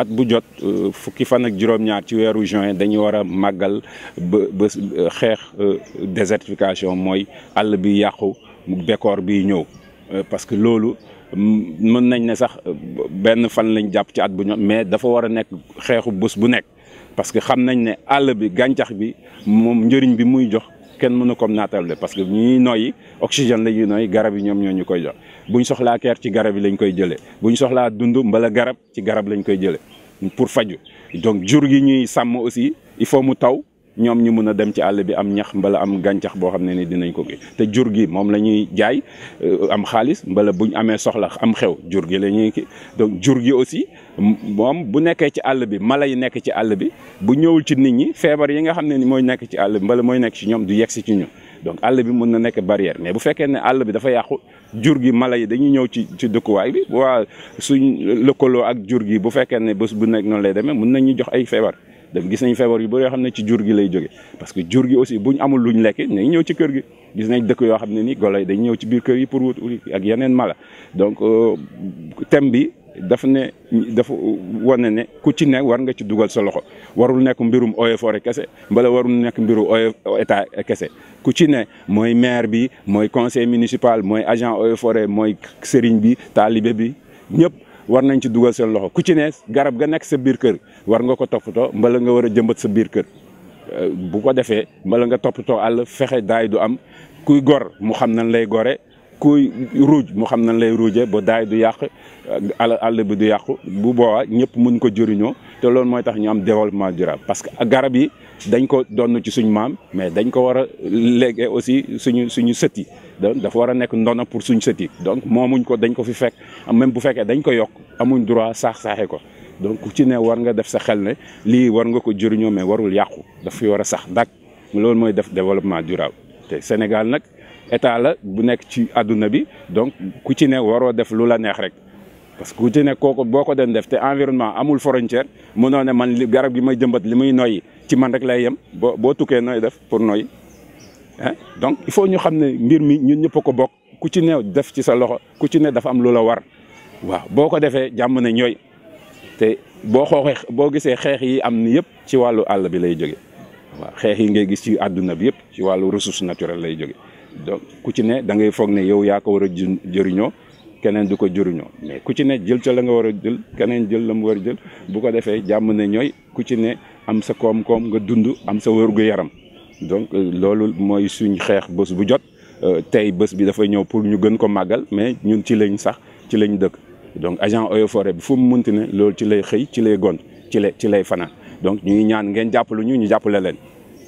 at bu jot euh, fukki fan ak juróom-ñaar ci weeru juin dañuy war a màggal ba euh, xeex euh, désertification mooy àll bi yàqu bekkoor bi ñëw parce que loolu mën nañ ne sax benn fan lañ jàpp ci at bu ñëw mais dafa war a nekk xeexu bës bu nekk parce que xam nañ ne àll bi gàncax bi moom njëriñ bi muy jox kenn mën a comme naatable parce que ñuy noyyi oxygène la ñuy noyyi garab yi ñoom ñoo ñu koy jox buñ soxlaa ker ci garab yi lañ koy jëlee buñ soxlaa dund mbala garab ci garab lañ koy jëlee pour faju donc jur gi ñuy sàmm aussi il faut mu taw ñoom ñu mun a dem ci àll bi am ñax mbala am gàncax boo xam ne ni dinañ ko gi te jur gi moom la ñuy jaay euh, am xaalis mbala buñ amee soxla am xew jur gi la ñuy donc jur gi aussi moom bu nekkee ci àll bi mala yi nekk ci àll bi bu ñëwul ci nit ñi feebar yi nga xam ne ni mooy nekk ci àll bi mbala mooy nekk ci ñoom du yegsi ci ñu donc àll bi mun na nekk barrière mais bu fekkee ne àll bi dafa yàqu jur gi mala yi dañuy ñëw ci ci dëkkuwaay bi waa suñ lëkkaloo ak jur gi bu fekkee ne bés bu nekk noonu lay demee mun nañu jox ay feebar dem gis nañ feebar yu bëri yoo xam ne ci jur gi lay jóge parce que jur gi aussi buñ amul luñ lekk nañ ñëw ci kër gi gis nañ dëkk yoo xam ne ni golo yi dañ ñëw ci biir kër yi pour wut ak yeneen mala donc euh, thème bi dafa ne dafa wane ne ku ci ne war nga ci dugal sa loxo warul nekk mbirum eaux et forêt kese mbala warul nekk mbiru eaux état kese ku ci ne mooy maire bi mooy conseil municipal mooy agent eaux et forêt mooy sëriñ bi taalibe bi ñëpp war nañ ci dugal seen loxo ku ci ne garab ga nekk sa biir kër war nga ko toppatoo mbala nga war a jëmbat sa biir kër euh, bu ko defee mbala nga toppatoo àll fexe daay du am kuy gor mu xam nañ lay gore kuy ruuj mu xam nañ lay ruujee ba daay du yàq euh, àll àll bi du yàqu bu boobaa ñëpp mun ko juriñoo te loolu mooy tax ñu am développement durable parce que garab yi dañ ko donn ci suñ maam mais dañ ko war a léguer aussi suñu suñu sët yi dafa war a nekk ndono pour suñ sët yi donc moomuñ ko dañ ko fi fekk même bu fekkee dañ ko yokk amuñ droit saax saaxe ko donc ku ci ne war nga def sa xel ne lii war nga ko jëriñoo mais warul yàqu dafa fi war a sax dak loolu mooy def développement durable te Sénégal nag état la bu nekk ci àdduna bi donc ku ci ne waroo def lu la neex rek parce que ku ci ne kooku boo ko doon def te environnement amul frontière mënoo ne man garab gi may jëmbat li muy noyyi ci man rek lay yam bo boo tukkee nooy def pour noy hein donc il faut ñu xamné mbir mi ñun ñëpp ko bok ku ci ne def ci sa loxo ku ci ne dafa am lu war waaw boko défé jamm na ñoy té bo boo bo boo xéx yi am ni yépp ci walu àll bi lay joggé waaw xéx yi ngay gis ci aduna bi yépp ci walu ressources naturelles lay joggé donc ku ci ne da ngay foog ne yow yaa ko war a jëriñoo keneen du ko jëriñoo mais ku ci ne jël ca la nga wara jël keneen jël la mu wara jël bu ko defee jamm ne ñoy ku ci ne am sa kom kom nga dund am sa wërgu yaram donc euh, loolu moy suñ xex bëss bu jot euh, tay bëss bi da fay ñëw pour ñu gën ko magal mais ñun ci lañ sax ci lañ dëkk donc agent eaux forêt bi fu mu munti loolu ci lay xey ci lay gont ci lay ci lay fanaan donc ñuy ñaan ngeen jàppalu ñu ñu jàppale leen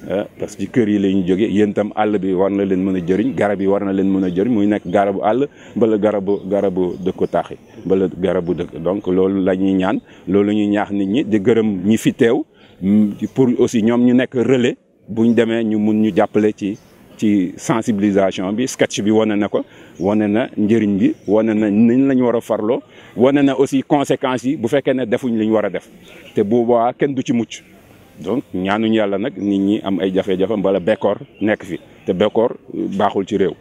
Eh, parce que kër yi la ñu jógee yéen itam àll bi war na leen mën a jëriñ garab yi war na leen mën a jëriñ muy nekk garabu àll mbala garabu garabu dëkku taax yi mbala garabu dëkk donc loolu la ñuy ñaan loolu ñuy ñaax nit ñi di gërëm ñi fi teew mm, pour aussi ñoom ñu nekk relais bu ñu demee ñu mun ñu jàppale ci ci sensibilisation bi sketch bi wane na ko wane na njëriñ bi wane na niñ la ñu war a farloo wane na aussi conséquences yi bu fekkee ne defuñ li ñu war a def te boobaa kenn du ci mucc donc ñaanuñ yàlla nag nit ñi am ay jafe-jafe mbala bekkoor nekk fi te bekkoor baaxul ci réew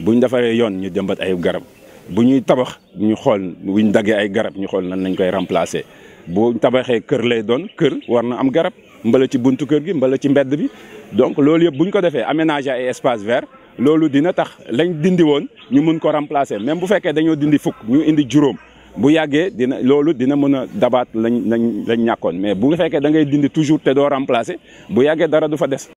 buñ defaree yoon ñu jëmbat ay garab bu ñuy tabax ñu xool wuñ daggee ay garab ñu xool nan nañ koy remplacer bu tabaxee kër lay doon kër war na am garab mbala ci buntu kër gi mbala ci mbedd bi donc loolu yëpp buñ ko defee aménager ay espace vert loolu dina tax lañ dindi woon ñu mun ko remplacer même bu fekkee dañoo dindi fukk ñu indi juróom bu yàggee dina loolu dina mën a dabaat lañ lañ lañ ñàkkoon mais bu fekkee dangay ngay dindi toujours te doo remplacer bu yàggee dara du fa des